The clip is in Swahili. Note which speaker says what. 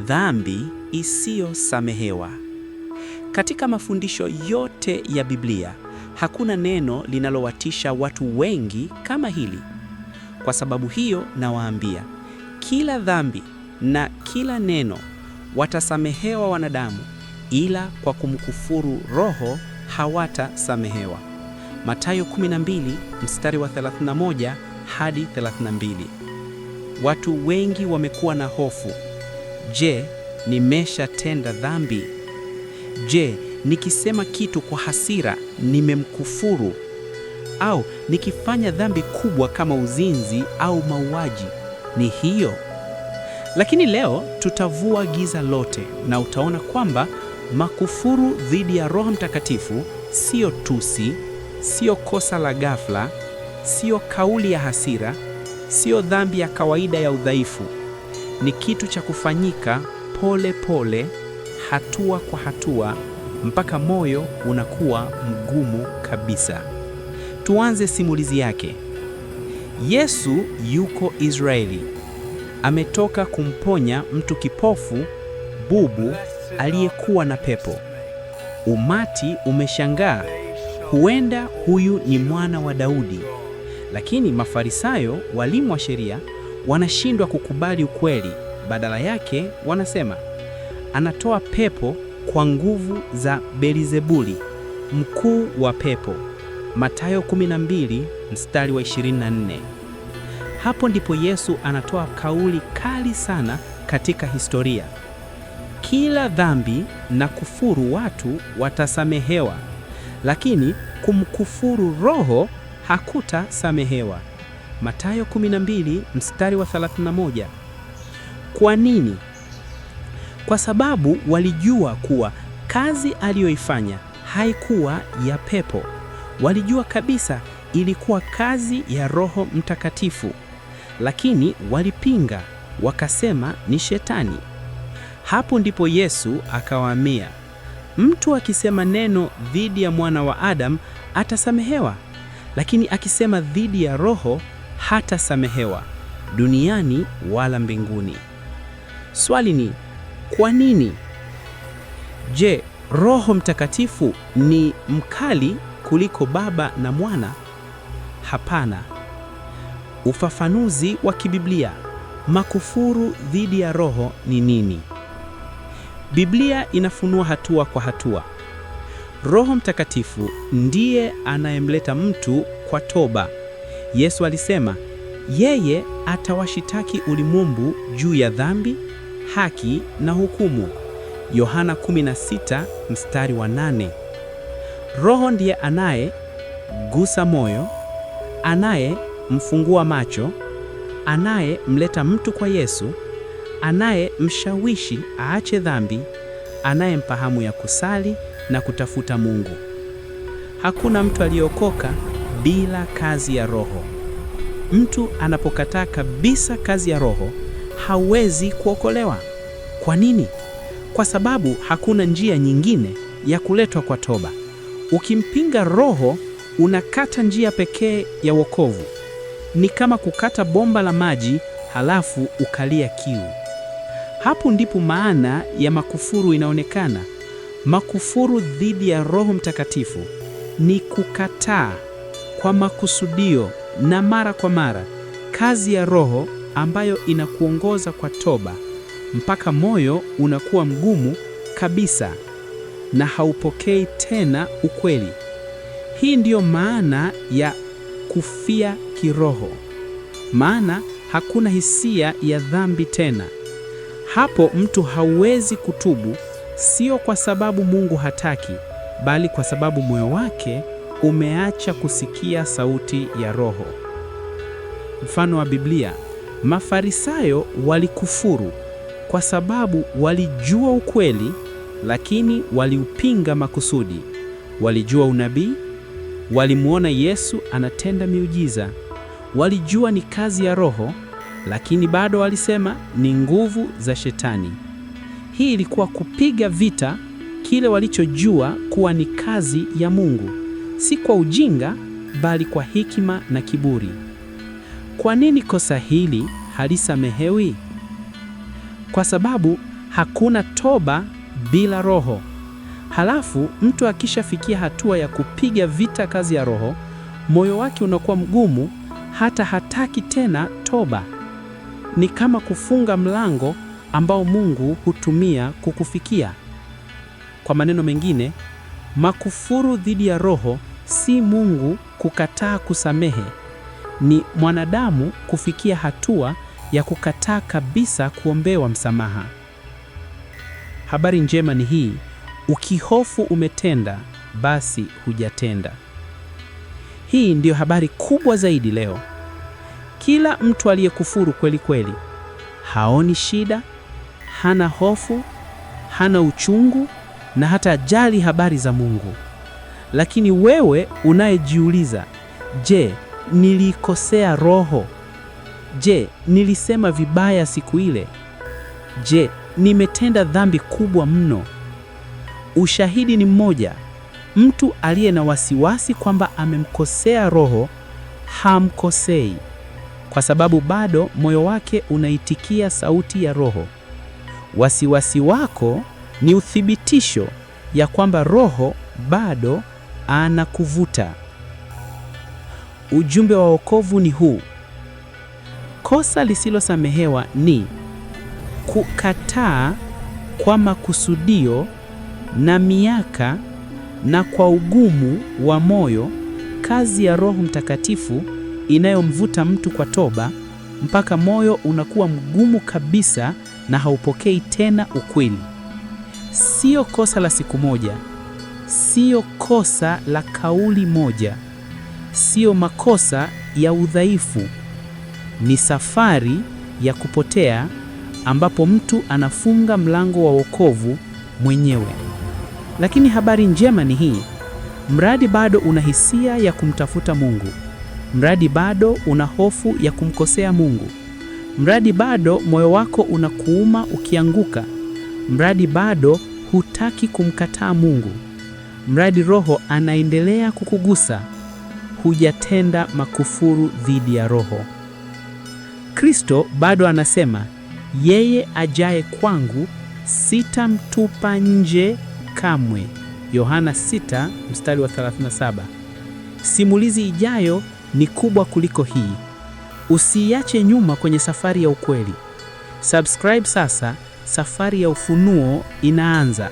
Speaker 1: dhambi isiyosamehewa. Katika mafundisho yote ya Biblia hakuna neno linalowatisha watu wengi kama hili. Kwa sababu hiyo, nawaambia kila dhambi na kila neno watasamehewa wanadamu, ila kwa kumkufuru Roho hawatasamehewa. Mathayo 12 mstari wa 31 hadi 32. Watu wengi wamekuwa na hofu Je, nimeshatenda dhambi? Je, nikisema kitu kwa hasira nimemkufuru? Au nikifanya dhambi kubwa kama uzinzi au mauaji, ni hiyo? Lakini leo tutavua giza lote na utaona kwamba makufuru dhidi ya Roho Mtakatifu siyo tusi, siyo kosa la ghafla, siyo kauli ya hasira, siyo dhambi ya kawaida ya udhaifu ni kitu cha kufanyika pole pole, hatua kwa hatua, mpaka moyo unakuwa mgumu kabisa. Tuanze simulizi yake. Yesu yuko Israeli, ametoka kumponya mtu kipofu, bubu aliyekuwa na pepo. Umati umeshangaa, huenda huyu ni mwana wa Daudi. Lakini Mafarisayo, walimu wa sheria wanashindwa kukubali ukweli, badala yake wanasema anatoa pepo kwa nguvu za Belizebuli, mkuu wa pepo, Mathayo 12 mstari wa 24. Hapo ndipo Yesu anatoa kauli kali sana katika historia: kila dhambi na kufuru watu watasamehewa, lakini kumkufuru Roho hakutasamehewa. Mathayo 12 mstari wa 31. Kwa nini? Kwa sababu walijua kuwa kazi aliyoifanya haikuwa ya pepo. Walijua kabisa ilikuwa kazi ya Roho Mtakatifu, lakini walipinga, wakasema ni Shetani. Hapo ndipo Yesu akawaambia, mtu akisema neno dhidi ya mwana wa Adamu atasamehewa, lakini akisema dhidi ya Roho hatasamehewa duniani wala mbinguni. Swali ni kwa nini? Je, Roho Mtakatifu ni mkali kuliko Baba na Mwana? Hapana. Ufafanuzi wa kibiblia. Makufuru dhidi ya Roho ni nini? Biblia inafunua hatua kwa hatua. Roho Mtakatifu ndiye anayemleta mtu kwa toba. Yesu alisema yeye atawashitaki ulimwengu juu ya dhambi, haki na hukumu. Yohana 16 mstari wa nane. Roho ndiye anaye gusa moyo, anaye mfungua macho, anaye mleta mtu kwa Yesu, anaye mshawishi aache dhambi, mpahamu ya kusali na kutafuta Mungu. Hakuna mtu aliyeokoka bila kazi ya Roho. Mtu anapokataa kabisa kazi ya Roho hawezi kuokolewa. Kwa nini? Kwa sababu hakuna njia nyingine ya kuletwa kwa toba. Ukimpinga Roho unakata njia pekee ya wokovu. Ni kama kukata bomba la maji halafu ukalia kiu. Hapo ndipo maana ya makufuru inaonekana. Makufuru dhidi ya Roho Mtakatifu ni kukataa kwa makusudio na mara kwa mara, kazi ya Roho ambayo inakuongoza kwa toba mpaka moyo unakuwa mgumu kabisa na haupokei tena ukweli. Hii ndiyo maana ya kufia kiroho, maana hakuna hisia ya dhambi tena. Hapo mtu hauwezi kutubu, sio kwa sababu Mungu hataki, bali kwa sababu moyo wake umeacha kusikia sauti ya Roho. Mfano wa Biblia, Mafarisayo walikufuru kwa sababu walijua ukweli, lakini waliupinga makusudi. Walijua unabii, walimwona Yesu anatenda miujiza, walijua ni kazi ya Roho, lakini bado walisema ni nguvu za Shetani. Hii ilikuwa kupiga vita kile walichojua kuwa ni kazi ya Mungu si kwa ujinga, bali kwa hekima na kiburi. Kwa nini kosa hili halisamehewi? Kwa sababu hakuna toba bila Roho. Halafu mtu akishafikia hatua ya kupiga vita kazi ya Roho, moyo wake unakuwa mgumu, hata hataki tena toba. Ni kama kufunga mlango ambao Mungu hutumia kukufikia. Kwa maneno mengine Makufuru dhidi ya Roho si Mungu kukataa kusamehe, ni mwanadamu kufikia hatua ya kukataa kabisa kuombewa msamaha. Habari njema ni hii, ukihofu umetenda basi hujatenda. Hii ndiyo habari kubwa zaidi leo. Kila mtu aliyekufuru kweli kweli haoni shida, hana hofu, hana uchungu na hata jali habari za Mungu. Lakini wewe unayejiuliza, je, nilikosea roho? Je, nilisema vibaya siku ile? Je, nimetenda dhambi kubwa mno? Ushahidi ni mmoja. Mtu aliye na wasiwasi kwamba amemkosea roho hamkosei, kwa sababu bado moyo wake unaitikia sauti ya roho. Wasiwasi wako ni uthibitisho ya kwamba Roho bado anakuvuta. Ujumbe wa wokovu ni huu: kosa lisilosamehewa ni kukataa kwa makusudio na miaka na kwa ugumu wa moyo kazi ya Roho Mtakatifu inayomvuta mtu kwa toba mpaka moyo unakuwa mgumu kabisa na haupokei tena ukweli sio kosa la siku moja, siyo kosa la kauli moja, siyo makosa ya udhaifu. Ni safari ya kupotea ambapo mtu anafunga mlango wa wokovu mwenyewe. Lakini habari njema ni hii: mradi bado una hisia ya kumtafuta Mungu, mradi bado una hofu ya kumkosea Mungu, mradi bado moyo wako unakuuma ukianguka mradi bado hutaki kumkataa Mungu, mradi Roho anaendelea kukugusa, hujatenda makufuru dhidi ya Roho. Kristo bado anasema, yeye ajaye kwangu sitamtupa nje kamwe. Yohana 6 mstari wa 37. Simulizi ijayo ni kubwa kuliko hii. Usiiache nyuma kwenye safari ya ukweli. Subscribe sasa safari ya ufunuo inaanza.